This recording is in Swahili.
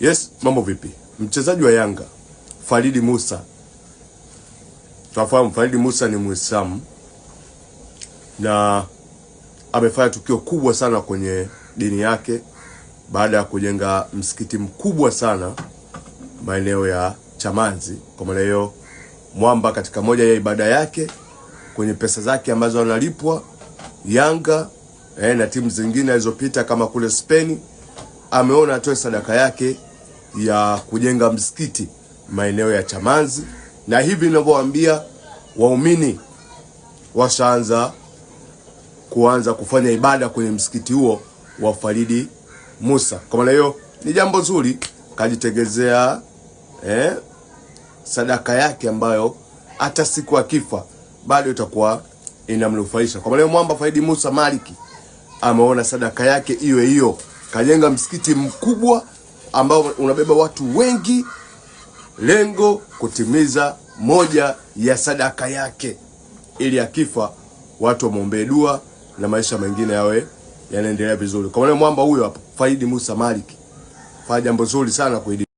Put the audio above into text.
Yes, mambo vipi? Mchezaji wa Yanga Faridi Musa, tunafahamu Faridi Musa ni Muislamu na amefanya tukio kubwa sana kwenye dini yake baada ya kujenga msikiti mkubwa sana maeneo ya Chamazi. Kwa maana hiyo, mwamba katika moja ya ibada yake kwenye pesa zake ambazo analipwa Yanga eh, na timu zingine alizopita kama kule Spain, ameona atoe sadaka yake ya kujenga msikiti maeneo ya Chamazi, na hivi ninavyowaambia waumini washaanza kuanza kufanya ibada kwenye msikiti huo wa Faridi Musa. Kwa maana hiyo ni jambo zuri, kajitegezea eh, sadaka yake ambayo hata siku akifa bado itakuwa inamnufaisha. Kwa maana hiyo mwamba Faridi Musa Maliki ameona sadaka yake iwe hiyo, kajenga msikiti mkubwa ambao unabeba watu wengi, lengo kutimiza moja ya sadaka yake, ili akifa watu wamwombee dua na maisha mengine yawe yanaendelea vizuri. Kwa maana mwamba huyo hapo Faidi Musa Maliki fanya jambo zuri sana kuidi.